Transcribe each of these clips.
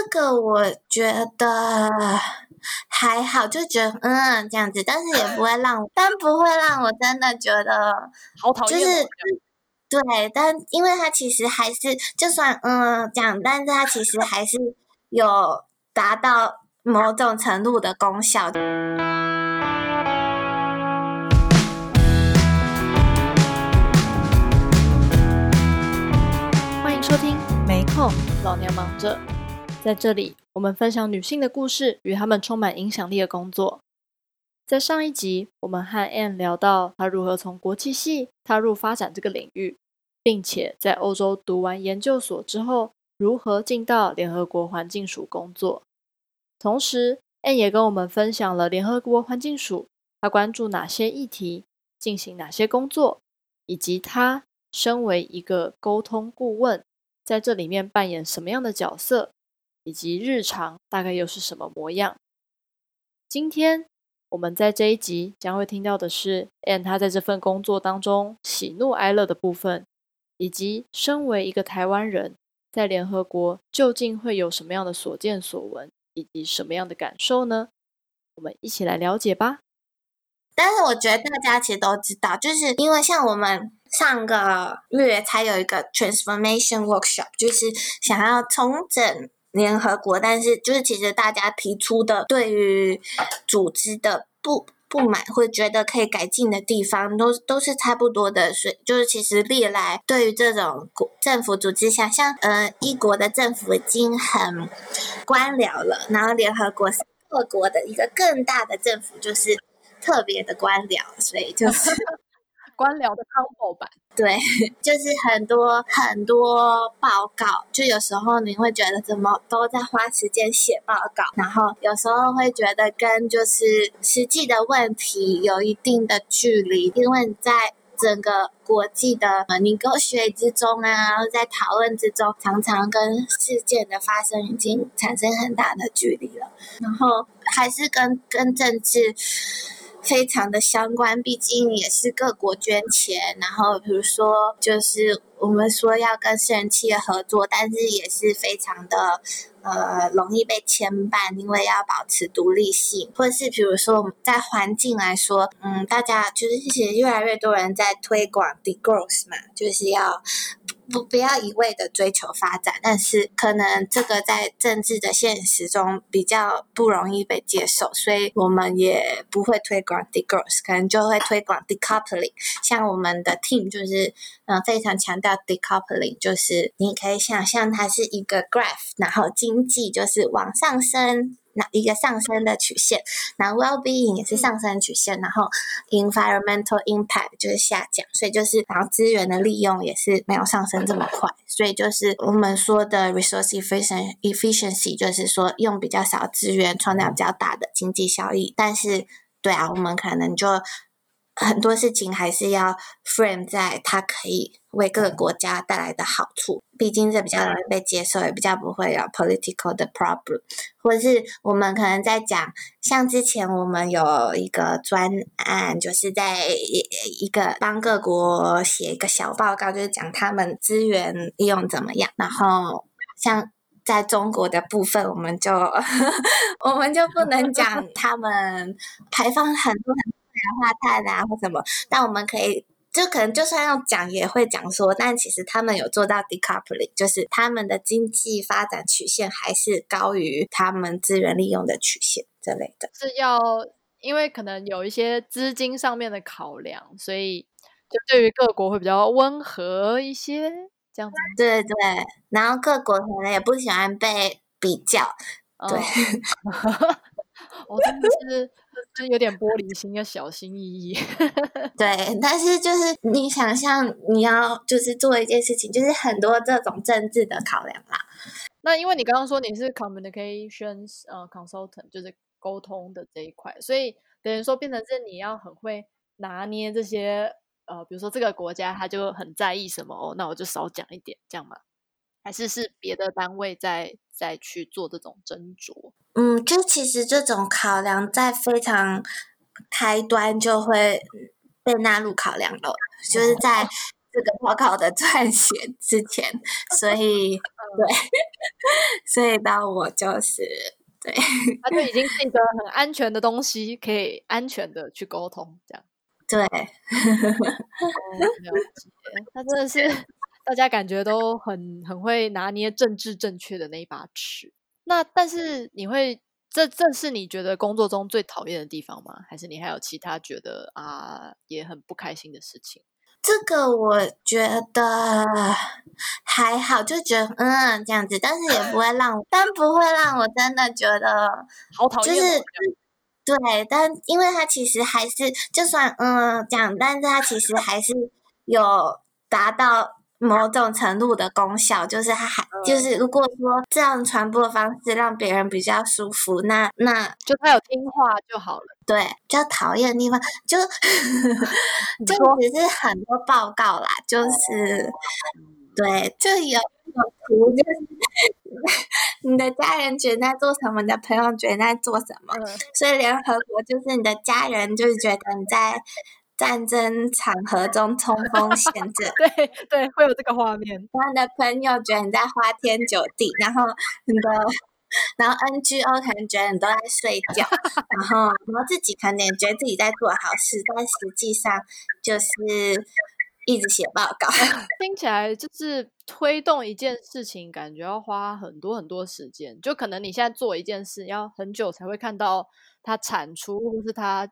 這個我覺得還好，就覺得嗯，這樣子，但是也不會讓我， 但不會讓我真的覺得好討厭。就是、嗯、對，但因為他其實還是，就算嗯，講，但是他其實還是有達到某種程度的功效。歡迎收聽，沒空，老娘忙着。在這裡，我們分享女性的故事與她們充滿影響力的工作。在上一集，我們和 Anne 聊到她如何從國際系踏入發展這個領域，並且在歐洲讀完研究所之後，如何進到聯合國環境署工作。同時，Anne 也跟我們分享了聯合國環境署，她關注哪些議題，進行哪些工作，以及她身為一個溝通顧問，在這裡面扮演什麼樣的角色。以及日常大概又是什麼模樣？今天我們在這一集將會聽到的是，Anne 他在這份工作當中喜怒哀樂的部分，以及身為一個台灣人，在聯合國究竟會有什麼樣的所見所聞，以及什麼樣的感受呢？我們一起來了解吧。但是我覺得大家其實都知道，就是因為像我們上個月才有一個 transformation workshop，就是想要重整。聯合國，但是就是其實大家提出的對於組織的不不滿，會覺得可以改進的地方都都是差不多的。所以就是其實歷來對於這種政府組織下，想像呃一國的政府已經很官僚了，然後聯合國是各國的一個更大的政府，就是特別的官僚，所以就是。 官僚的湯包吧，對，就是很多很多報告，就有時候你會覺得怎麼都在花時間寫報告，然後有時候會覺得跟就是實際的問題有一定的距離，因為在整個國際的你溝、呃、學之中啊，然後在討論之中，常常跟事件的發生已經產生很大的距離了，然後還是跟跟政治非常的相關，畢竟也是各國捐錢。然後，比如說，就是我們說要跟私人企業合作，但是也是非常的呃容易被牽絆，因為要保持獨立性。或者是比如說，我們在環境來說，嗯，大家就是其實越來越多人在推廣 degrowth 嘛，就是要。不，不要一味的追求發展，但是可能這個在政治的現實中比較不容易被接受，所以我們也不會推廣 d e r o s s 可能就會推廣 decoupling。像我們的 team 就是，嗯、呃，非常強調 decoupling，就是你可以想象它是一個 graph，然後經濟就是往上升。那一個上升的曲線，那 well being 也是上升曲線，然後 environmental impact 就是下降，所以就是然後資源的利用也是沒有上升這麼快，所以就是我們說的 resource efficiency efficiency 就是說用比較少資源創造比較大的經濟效益，但是對啊，我們可能就。很多事情還是要 frame 在它可以為各個國家帶來的好處，畢竟這比較容易被接受，也比較不會有 political 的 problem。或者是我們可能在講，像之前我們有一個專案，就是在一一個幫各國寫一個小報告，就是講他們資源利用怎麼樣。然後像在中國的部分，我們就我們就不能講他們排放很多很多。氧化碳啊，或什麼，但我們可以就可能就算要講，也會講說，但其實他們有做到 decoupling，就是他們的經濟發展曲線還是高於他們資源利用的曲線這類的，是要因為可能有一些資金上面的考量，所以就對於各國會比較溫和一些這樣子。對對，然後各國可能也不喜歡被比較。對，我真的是。 是有點玻璃心，要小心翼翼。 對，但是就是你想象你要就是做一件事情，就是很多這種政治的考量嘛。那因為你剛剛說你是 communications，呃，consultant，就是溝通的這一塊，所以等於說變成是你要很會拿捏這些，呃，比如說這個國家他就很在意什麼哦，那我就少講一點，這樣嘛。還是是別的單位在在去做這種斟酌？嗯，就其實這種考量在非常開端就會被納入考量了，嗯、就是在這個報考，考的撰寫之前，所以對，所以那、嗯、我就是對，他就已經是一個很安全的東西，可以安全的去溝通，這樣對， 對，了解，他真的是。大家感覺都很很會拿捏政治正確的那一把尺，那但是你會，這這是你覺得工作中最討厭的地方嗎？還是你還有其他覺得啊、呃、也很不開心的事情？這個我覺得還好，就覺得嗯這樣子，但是也不會讓我， 但不會讓我真的覺得好討厭。就是對，但因為他其實還是，就算嗯講，但是他其實還是有達到。某種程度的功效，就是還、嗯、就是，如果說這樣傳播的方式讓別人比較舒服，那那就他有聽話就好了。對，比較討厭的地方就 就只是很多報告啦，就是、嗯、對，就有圖，就是 你的家人覺得在做什麼，你的朋友覺得在做什麼，嗯、所以聯合國就是你的家人，就是覺得你在。戰爭場合中衝鋒陷陣， 對對，會有這個畫面。你的朋友覺得你在花天酒地，然後很多然後 NGO 可能覺得你都在睡覺， 然後然後自己可能也覺得自己在做好事，但實際上就是一直寫報告。聽起來就是推動一件事情，感覺要花很多很多時間。就可能你現在做一件事，要很久才會看到它產出，或是它。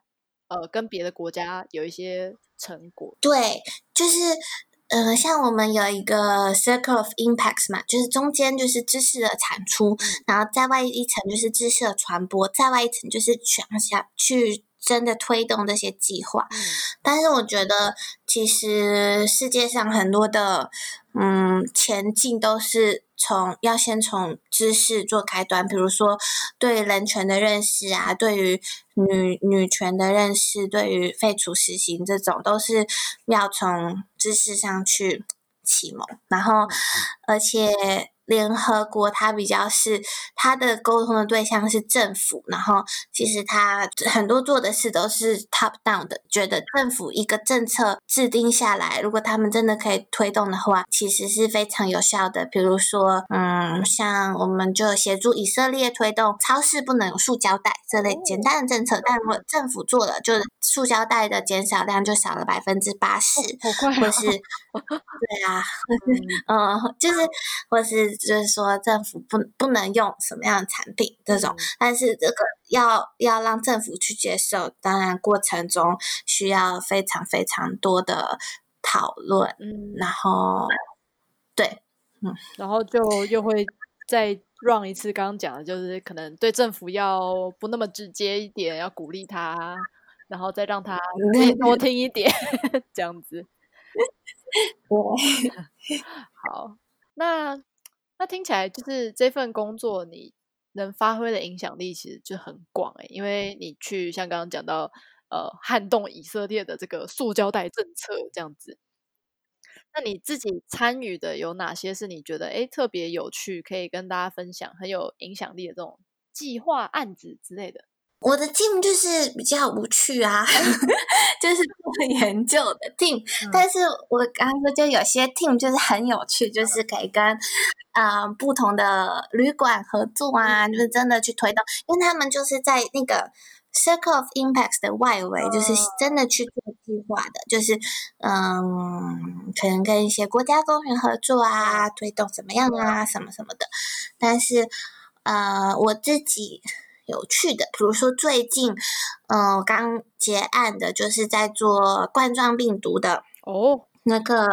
呃，跟別的國家有一些成果。對，就是，呃，像我們有一個 circle of impacts 嘛，就是中間就是知識的產出，然後在外一層就是知識的傳播，在外一層就是全想去真的推動這些計劃。嗯、但是我覺得，其實世界上很多的，嗯，前進都是。從要先從知識做開端，比如說對於人權的認識啊，對於女女權的認識，對於廢除死刑這種，都是要從知識上去啟蒙，然後而且。聯合國它比較是它的溝通的對象是政府，然後其實它很多做的事都是 top down 的，覺得政府一個政策制定下來，如果他們真的可以推動的話，其實是非常有效的。比如說，嗯，像我們就協助以色列推動超市不能有塑膠袋這類簡單的政策，嗯，但如果政府做了，就是塑膠袋的減少量就少了百分之八十，或是 對啊，嗯， 嗯就是或是。就是說，政府不不能用什麼樣的產品這種、嗯，但是這個要要讓政府去接受，當然過程中需要非常非常多的討論，嗯，然後對，嗯，然後就又會再 run 一次，剛剛講的就是可能對政府要不那麼直接一點，要鼓勵他，然後再讓他聽多聽一點，嗯、 這樣子，對。 好，那。那聽起來就是這份工作你能發揮的影響力其實就很廣誒，因為你去像剛剛講到呃撼動以色列的這個塑膠袋政策這樣子，那你自己參與的有哪些是你覺得誒特別有趣，可以跟大家分享，很有影響力的這種計劃案子之類的？我的 team 就是比較無趣啊， 就是做研究的 team、嗯。但是我剛剛說，就有些 team 就是很有趣，嗯、就是可以跟、嗯、呃不同的旅館合作啊，嗯、就是真的去推動，因為他們就是在那個 circle of impacts 的外圍、哦，就是真的去做計劃的，就是嗯、呃，可能跟一些國家公園合作啊，推動怎麼樣啊，嗯、什麼什麼的。但是呃，我自己。有趣的，比如說最近，呃，剛結案的就是在做冠狀病毒的哦，oh. 那個，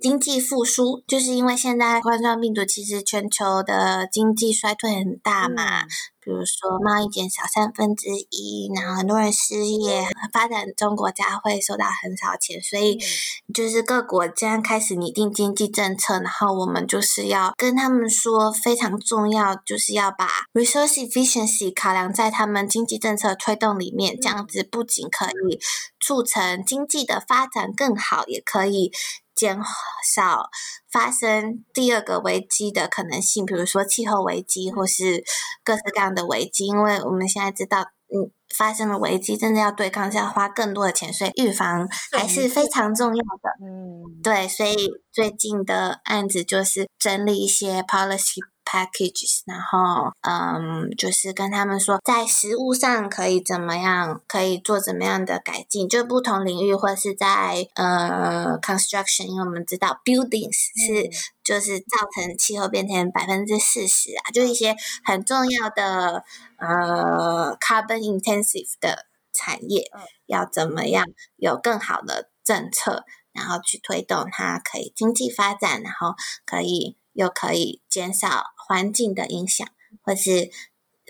經濟復甦，就是因為現在冠狀病毒，其實全球的經濟衰退很大嘛。嗯、比如說貿易減小三分之一，然後很多人失業，發展中國家會收到很少錢，所以就是各國家開始擬定經濟政策。然後我們就是要跟他們說非常重要，就是要把 resource efficiency 考量在他們經濟政策推動裡面。這樣子不僅可以促成經濟的發展更好，也可以。減少發生第二個危機的可能性，比如說氣候危機或是各式各樣的危機。因為我們現在知道，嗯，發生了危機真的要對抗，是要花更多的錢，所以預防還是非常重要的。嗯，對，所以最近的案子就是整理一些 policy。packages，然後嗯，就是跟他們說，在食物上可以怎麼樣，可以做怎麼樣的改進？就不同領域，或是在呃 construction，因為我們知道 buildings、嗯、是就是造成氣候變遷百分之四十啊，就一些很重要的呃 carbon intensive 的產業、嗯，要怎麼樣有更好的政策，然後去推動它可以經濟發展，然後可以又可以減少。環境的影響，或是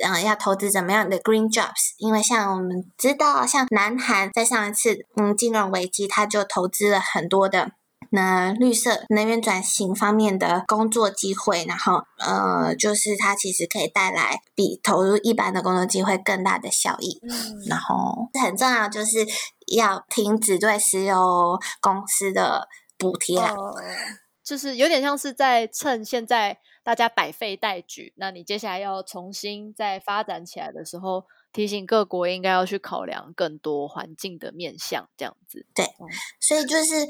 嗯，要投資怎麼樣的 green jobs？因為像我們知道，像南韓在上一次嗯金融危機，它就投資了很多的那綠色能源轉型方面的工作機會，然後呃，就是它其實可以帶來比投入一般的工作機會更大的效益、嗯。然後很重要就是要停止對石油公司的補貼、啊嗯，就是有點像是在趁現在。大家百廢待舉，那你接下來要重新再發展起來的時候，提醒各國應該要去考量更多環境的面向，這樣子。對，嗯、所以就是，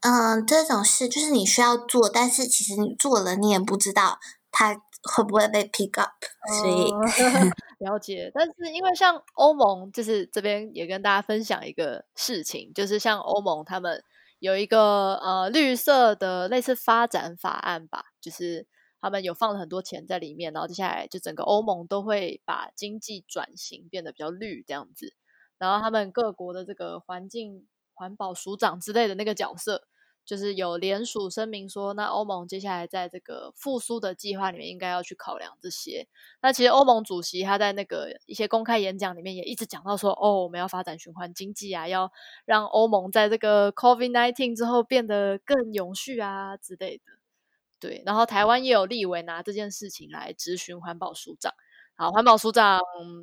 嗯，這種事就是你需要做，但是其實你做了，你也不知道它會不會被 pick up。所以、嗯嗯、了解， 但是因為像歐盟，就是這邊也跟大家分享一個事情，就是像歐盟他們有一個呃綠色的類似發展法案吧，就是。他們有放了很多錢在裡面，然後接下來就整個歐盟都會把經濟轉型變得比較綠這樣子。然後他們各國的這個環境環保署長之類的那個角色，就是有聯署聲明說，那歐盟接下來在這個復甦的計劃裡面應該要去考量這些。那其實歐盟主席他在那個一些公開演講裡面也一直講到說，哦，我們要發展循環經濟啊，要讓歐盟在這個 COVID-19 之後變得更永續啊之類的。對，然後台灣也有立委拿這件事情來質詢環保署長。好，環保署長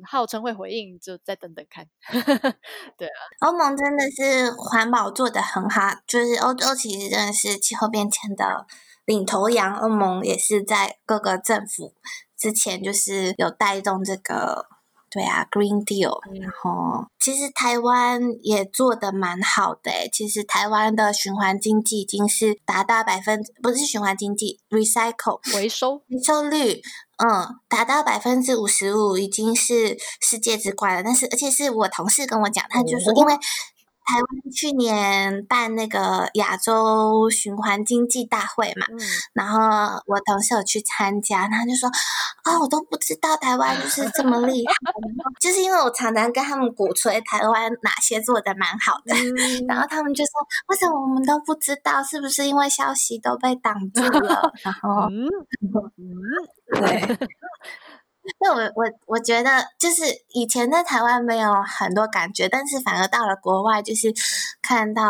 號稱會回應，就再等等看。 對啊，歐盟真的是環保做得很好，就是歐洲其實真的是氣候變遷的領頭羊，歐盟也是在各個政府之前就是有帶動這個。對啊，Green Deal，嗯，然後其實台灣也做得蠻好的誒。其實台灣的循環經濟已經是達到百分之，不是循環經濟，recycle 回收回收率，嗯，達到百分之五十五，已經是世界之冠了。但是，而且是我同事跟我講，他就說因為。哦台灣去年辦那個亞洲循環經濟大會嘛、嗯，然後我同事有去參加，他就說：“哦，我都不知道台灣就是這麼厲害。 ”就是因為我常常跟他們鼓吹台灣哪些做得蠻好的、嗯，然後他們就說：“為什麼我們都不知道？是不是因為消息都被擋住了？”然後，嗯， 對。那我我我覺得就是以前在台灣沒有很多感覺，但是反而到了國外，就是看到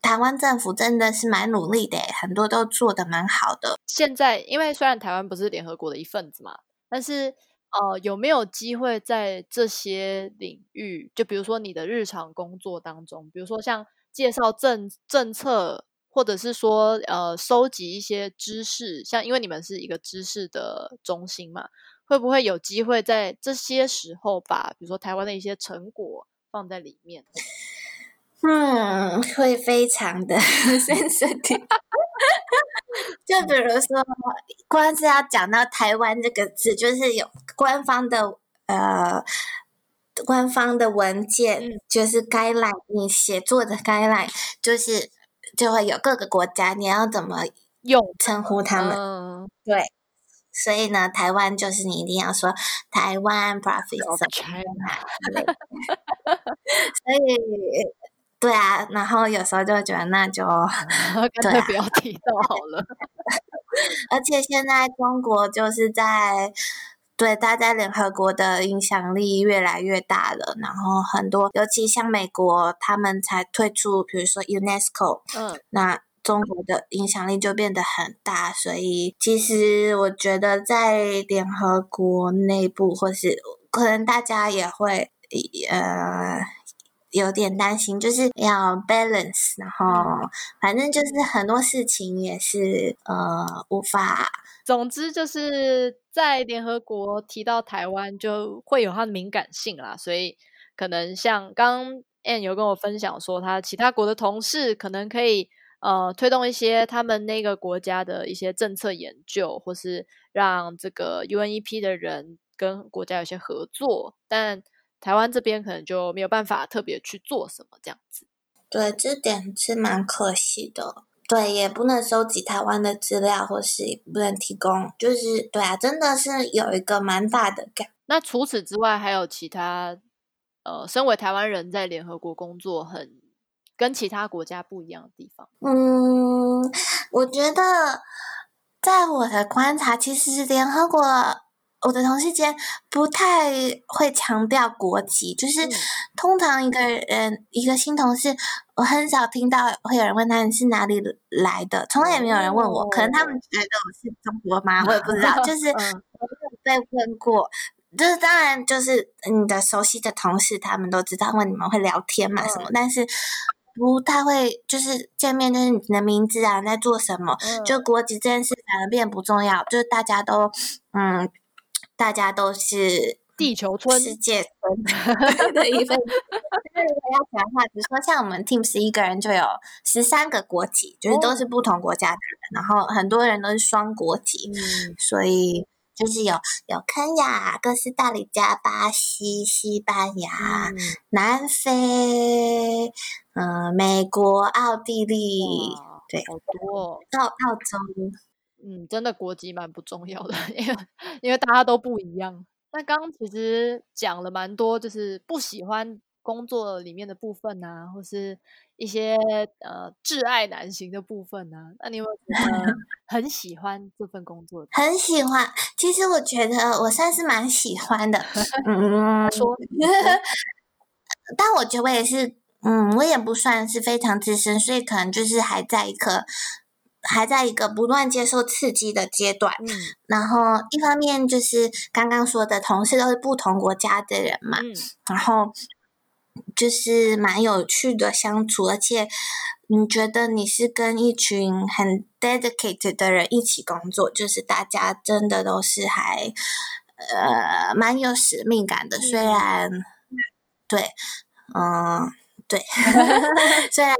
台灣政府真的是蠻努力的，很多都做得蠻好的。現在因為雖然台灣不是聯合國的一份子嘛，但是呃有沒有機會在這些領域，就比如說你的日常工作當中，比如說像介紹政政策，或者是說呃收集一些知識，像因為你們是一個知識的中心嘛。會不會有機會在這些時候把，比如說台灣的一些成果放在裡面？嗯，會非常的 sensitivity 就比如說，光是要講到台灣這個字，就是有官方的呃官方的文件，嗯、就是 guideline 你寫作的 guideline，就是就會有各個國家，你要怎麼用稱呼他們？嗯、對。所以呢，台灣就是你一定要說台灣 professor，okay. 所以對啊，然後有時候就覺得那就、okay. 對、啊，不要提到好了。 而且現在中國就是在對大家聯合國的影響力越來越大了，然後很多，尤其像美國，他們才退出，比如說 UNESCO，嗯，那。中國的影響力就變得很大，所以其實我覺得在聯合國內部，或是可能大家也會呃有點擔心，就是要 balance，然後反正就是很多事情也是呃無法，總之就是在聯合國提到台灣就會有它的敏感性啦，所以可能像剛剛 Anne 有跟我分享說，他其他國的同事可能可以。呃，推動一些他們那個國家的一些政策研究，或是讓這個 UNEP 的人跟國家有些合作，但台灣這邊可能就沒有辦法特別去做什麼這樣子。對，這點是蠻可惜的。對，也不能收集台灣的資料，或是也不能提供，就是對啊，真的是有一個蠻大的感。那除此之外，還有其他呃，身為台灣人在聯合國工作很。跟其他國家不一樣的地方，嗯，我覺得在我的觀察，其實是聯合國我的同事間不太會強調國籍，就是通常一個人、嗯、一個新同事，我很少聽到會有人問他你是哪裡來的，從來也沒有人問我，嗯，可能他們覺得我是中國嗎？我也不知道，嗯，就是，嗯、我有被問過。就是當然，就是你的熟悉的同事，他們都知道，問你們會聊天嘛什麼，嗯，但是。不、哦、太會，就是見面，就是你的名字啊，在做什麼？嗯、就國籍這件事反而變得不重要，就是大家都，嗯，大家都是地球村、世 界的一份。那如果要講的話，比如說像我們 Teams 十一個人就有十三個國籍，就是都是不同國家的人、哦，然後很多人都是雙國籍、嗯，所以。就是有有肯亞，哥斯達黎加巴、巴西、西班牙、南非、嗯、呃、美國、奧地利、哦，對，好多、哦，澳澳洲，嗯，真的國籍蠻不重要的，因為因為大家都不一樣。那剛剛其實講了蠻多，就是不喜歡。工作裡面的部分呢、啊，或是一些呃窒礙難行的部分呢、啊，那你有呃很喜歡這份工作的？ 很喜歡，其實我覺得我算是蠻喜歡的。嗯，說，但我覺得我也是，嗯，我也不算是非常資深，所以可能就是還在一個還在一個不斷接受刺激的階段、嗯。然後一方面就是剛剛說的，同事都是不同國家的人嘛，嗯、然後。就是蠻有趣的相處，而且你覺得你是跟一群很 dedicated 的人一起工作，就是大家真的都是還呃蠻有使命感的。嗯、雖然對，嗯，對，呃、對 雖然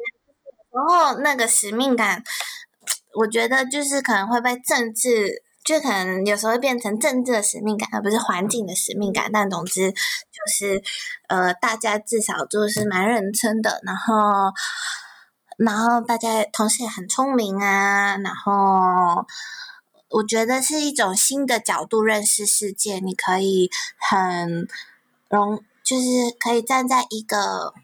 然後那個使命感，我覺得就是可能會被政治。就可能有時候會變成政治的使命感，而不是環境的使命感。但總之，就是呃，大家至少就是蠻認真的，然後，然後大家同時也很聰明啊。然後，我覺得是一種新的角度認識世界。你可以很容，就是可以站在一個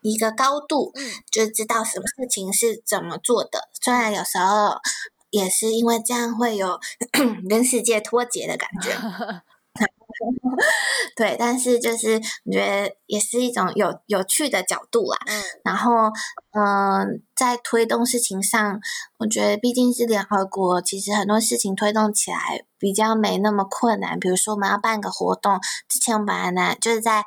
一個高度，就知道什麼事情是怎麼做的。雖然有時候。也是因為這樣會有 跟世界脫節的感覺 對。但是就是我覺得也是一種有有趣的角度啦。然後嗯、呃，在推動事情上，我覺得畢竟是聯合國，其實很多事情推動起來比較沒那麼困難。比如說我們要辦個活動，之前我們本來呢就是在。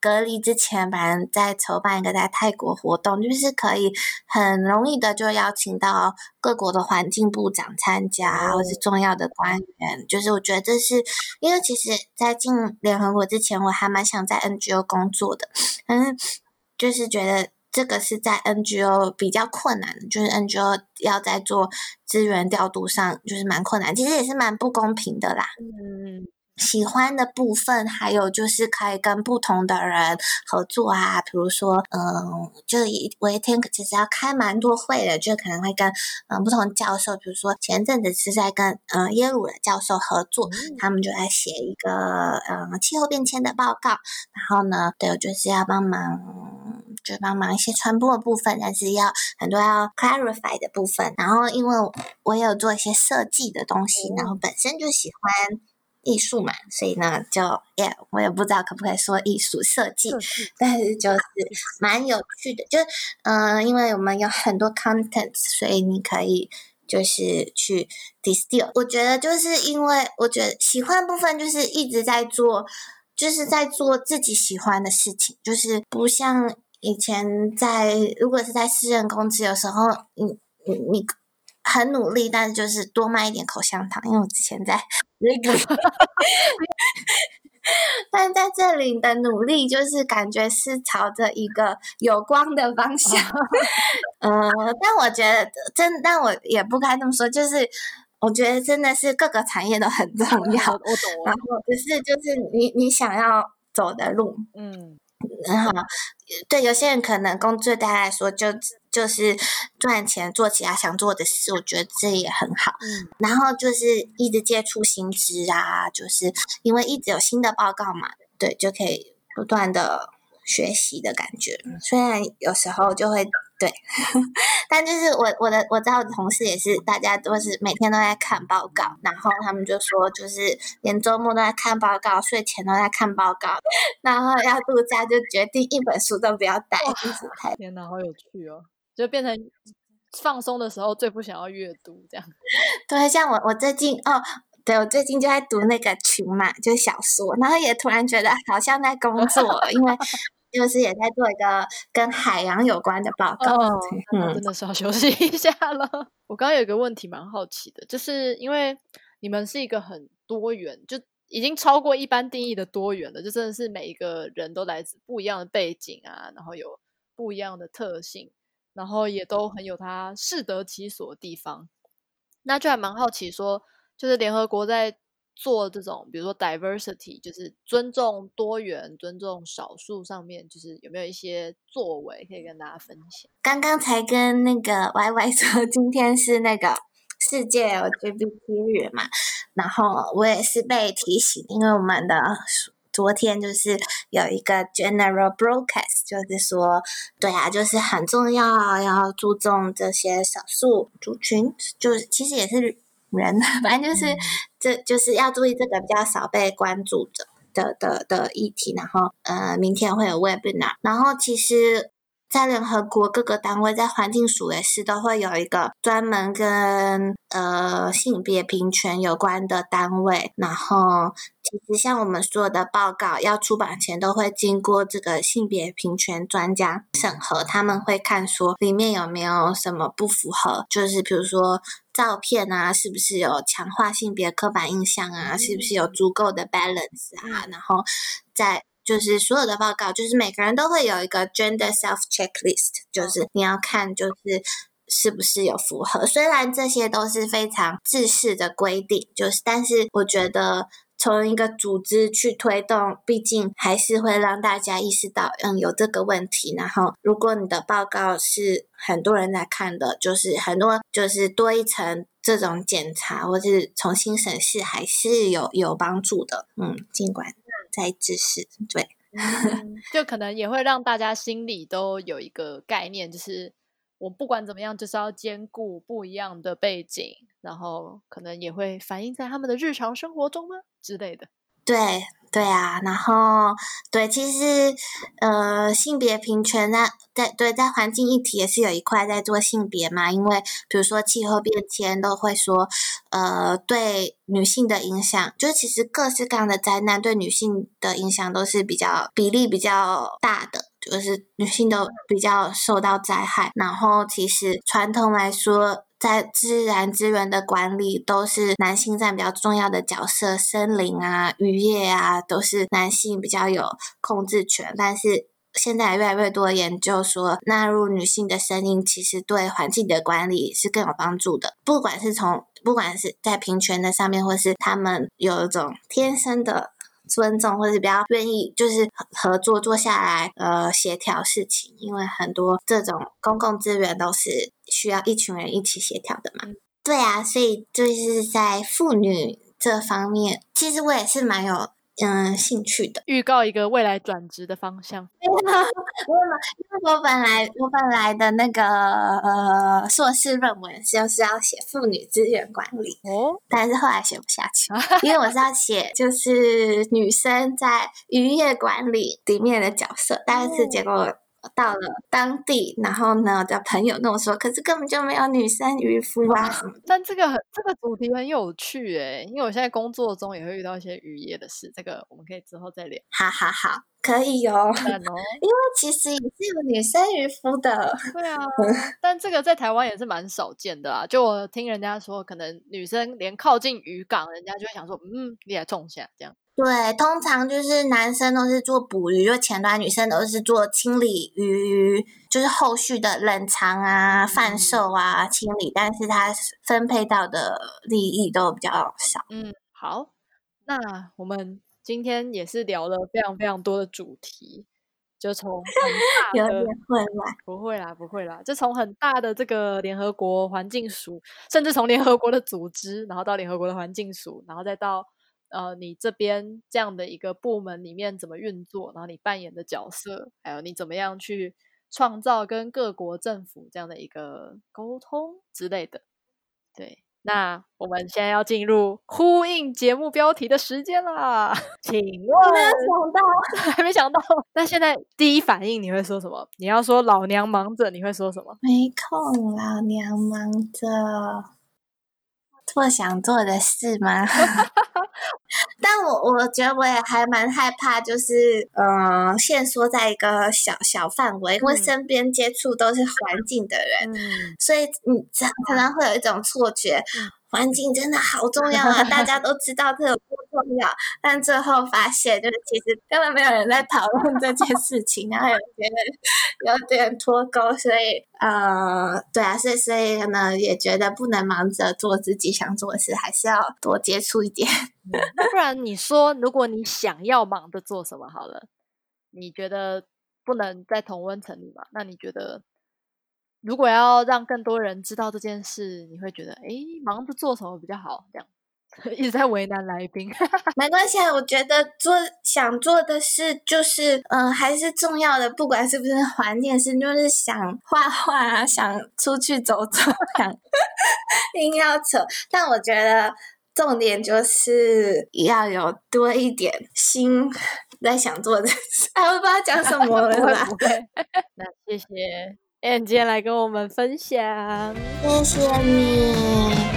隔離之前，反正在籌辦一個在泰國活動，就是可以很容易的就邀請到各國的環境部長參加，或者是重要的官員。就是我覺得這是因為，其實，在進聯合國之前，我還蠻想在 NGO 工作的，但是就是覺得這個是在 NGO 比較困難，就是 NGO 要在做資源調度上就是蠻困難，其實也是蠻不公平的啦。嗯。喜歡的部分，還有就是可以跟不同的人合作啊，比如說，嗯、呃，就我一天其實要開蠻多會的，就可能會跟嗯、呃、不同教授，比如說前陣子是在跟嗯、呃、耶魯的教授合作，嗯、他們就在寫一個嗯、呃，氣候變遷的報告，然後呢，對我就是要幫忙，就幫忙一些傳播的部分，但是要很多要 clarify 的部分，然後因為我也有做一些設計的東西，嗯、然後本身就喜歡。藝術嘛，所以呢，就、yeah、也我也不知道可不可以說藝術設計，是但是就是蠻有趣的，就是嗯、呃，因為我們有很多 contents，所以你可以就是去 distill。我覺得就是因為我覺得喜歡部分就是一直在做，就是在做自己喜歡的事情，就是不像以前在，如果是在私人公司有時候，你你你。很努力，但是就是多賣一點口香糖。因為我之前在那個，但在這裡的努力，就是感覺是朝着一個有光的方向。哦、嗯， 但我覺得真，但我也不該這麼說。就是我覺得真的是各個產業都很重要。哦、我懂。然後只是、就是就是你你想要走的路，嗯，然後對，對有些人可能工作，對他來說就。就是賺錢做其他想做的事，我覺得這也很好。嗯，然後就是一直接觸新知啊，就是因為一直有新的報告嘛，對，就可以不斷的學習的感覺。雖然有時候就會對，但就是我我的我知道同事也是，大家都是每天都在看報告，然後他們就說，就是連周末都在看報告，睡前都在看報告，然後要度假就決定一本書都不要帶，一直看。天哪，好有趣哦！就變成放鬆，的時候最不想要閱讀這樣。對，像我我最近哦，對我最近就在讀那個群嘛，就是小說，然後也突然覺得好像在工作， 因為就是也在做一個跟海洋有關的報告。哦、嗯，真的是要休息一下了。我剛剛有一個問題蠻好奇的，就是因為你們是一個很多元，就已經超過一般定義的多元了，就真的是每一個人都來自不一樣的背景啊，然後有不一樣的特性。然後也都很有它適得其所的地方，那就還蠻好奇說，就是聯合國在做這種，比如說 diversity，就是尊重多元、尊重少數上面，就是有沒有一些作為可以跟大家分享。剛剛才跟那個 Y Y 說，今天是那個世界 LGBT 日嘛，然後我也是被提醒，因為我們的。昨天就是有一個 general broadcast，就是說，對啊，就是很重要，要注重這些少數族群，就是其實也是人，反正就是、嗯、這就是要注意這個比較少被關注的的的的議題。然後，呃，明天會有 webinar，然後其實。在聯合國各個單位，在環境署也是都會有一個專門跟呃性別平權有關的單位。然後，其實像我們所有的報告要出版前，都會經過這個性別平權專家審核。他們會看說裡面有沒有什麼不符合，就是比如說照片啊，是不是有強化性別刻板印象啊，嗯、是不是有足夠的 balance 啊，嗯、然後在。就是所有的報告，就是每個人都會有一個 gender self checklist，就是你要看，就是是不是有符合。雖然這些都是非常制式的規定，就是，但是我覺得從一個組織去推動，畢竟還是會讓大家意識到，嗯，有這個問題。然後，如果你的報告是很多人來看的，就是很多，就是多一層這種檢查或是重新審視，還是有有幫助的。嗯，儘管。在知識，對。嗯，就可能也會讓大家心裡都有一個概念，就是我不管怎麼樣，就是要兼顧不一樣的背景，然後可能也會反映在他們的日常生活中呢之類的。對。對啊，然後對，其實呃，性別平權在在對，對在環境議題也是有一塊在做性別嘛，因為比如說氣候變遷都會說呃，對女性的影響，就是其實各式各樣的災難對女性的影響都是比較比例比較大的。就是女性都比較受到災害，然後其實傳統來說，在自然資源的管理都是男性佔比較重要的角色，森林啊、漁業啊都是男性比較有控制權。但是現在越來越多的研究說，納入女性的聲音，其實對環境的管理是更有幫助的。不管是從，不管是在平權的上面，或是他們有一種天生的。尊重，或者是比較願意，就是合作坐下來，呃，協調事情，因為很多這種公共資源都是需要一群人一起協調的嘛。對啊，所以就是在婦女這方面，其實我也是蠻有。嗯，興趣的，預告一個未來轉職的方向。因 為我本來我本來的那個呃碩士論文就是要寫婦女資源管理、嗯、但是後來寫不下去， 因為我是要寫就是女生在漁業管理裡面的角色，嗯、但是結果。到了當地，然後呢，我的朋友跟我說，可是根本就沒有女生漁夫啊。但這個很這個主題很有趣誒、欸，因為我現在工作中也會遇到一些漁業的事，這個我們可以之後再聊。好好好，可以哦。可能，因為其實也是有女生漁夫的。對啊， 但這個在台灣也是蠻少見的啊。就我聽人家說，可能女生連靠近漁港，人家就會想說，嗯，你還沖下這樣。對，通常就是男生都是做捕魚，就前端；女生都是做清理魚，就是後續的冷藏啊、販售啊、清理。但是，他分配到的利益都比較少。嗯，好，那我們今天也是聊了非常非常多的主題，就從 有點混亂。不會啦，不會啦，就從很大的這個聯合國環境署，甚至從聯合國的組織，然後到聯合國的環境署，然後再到。呃，你這邊這樣的一個部門裡面怎麼運作？然後你扮演的角色，還有你怎麼樣去創造跟各國政府這樣的一個溝通之類的？對，那我們現在要進入呼應節目標題的時間啦。請問，沒，沒想到， 還沒想到。那現在第一反應你會說什麼？你要說老娘忙着，你會說什麼？沒空，老娘忙着做想做的事嗎？ 但我我覺得我也還蠻害怕，就是嗯、呃，限縮在一個小小範圍、嗯，因為身邊接觸都是環境的人，嗯、所以你常常可能會有一種錯覺，環、嗯、境真的好重要啊！ 大家都知道這個。重要，但最後發現就是其實根本沒有人在討論這件事情， 然後覺得有點脫鈎，所以呃，對啊，所以所以呢也覺得不能忙着做自己想做的事，還是要多接觸一點。嗯、不然你說，如果你想要忙着做什麼好了，你覺得不能在同溫層裡嗎？那你覺得，如果要讓更多人知道這件事，你會覺得誒，忙着做什麼比較好？這樣。一直在為難來賓， 沒關係啊。我覺得做想做的事就是，嗯、呃，還是重要的。不管是不是環境，是就是想畫畫、啊，想出去走走，想硬 要扯。但我覺得重點就是要有多一點心在想做的事。哎、啊，我不知道講什麼了啦 不，不會。那 謝謝 Anne 姐來跟我們分享。謝謝你。